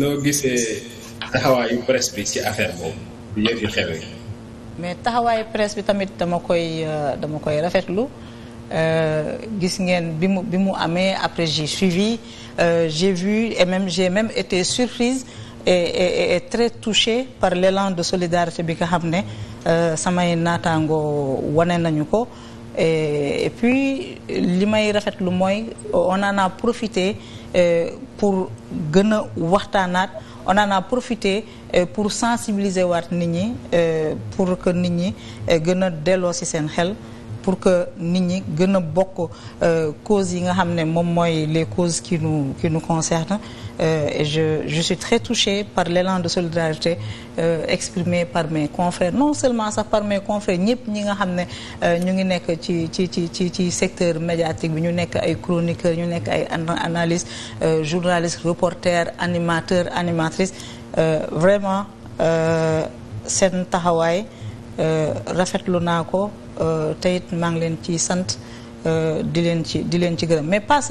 noo gisee taxawaayu presse bi ci affaire boobu yëf yu mais taxawaayu presse bi tamit dama koy euh, dama koy rafetlu euh, gis ngeen bi mu amee après j'ai suivi euh, vu et même j'ai même été surprise et et, et très par l'élan de solidarité bi nga xam ne euh, samay naataangoo wane nañu ko. Et, puis li may rafetlu mooy on en pour gën a waxtaanaat on en a profité euh, pour sensibiliser waat nit ñi euh, pour que nit ñi euh, gën a delloo ci seen xel pour que nit ñi gën a bokk euh, causes yi nga xam ne moom mooy les causes qui nu qui nous concernent euh, et je je suis très touchée par l'élan de solidarité euh, exprimé par mes confrères non seulement sax par mes confrères ñëpp ñi nga xam ne ñu ngi nekk ci ci ci ci ci secteur médiatique bi ñu nekk ay chroniqueurs ñu nekk ay analystes journalistes reporters animateurs animatrices vraiment seen taxawaay Euh, rafetlu naa ko euh, te it maa ngi leen ci sant euh, di leen ci di leen ci gërëm mais pas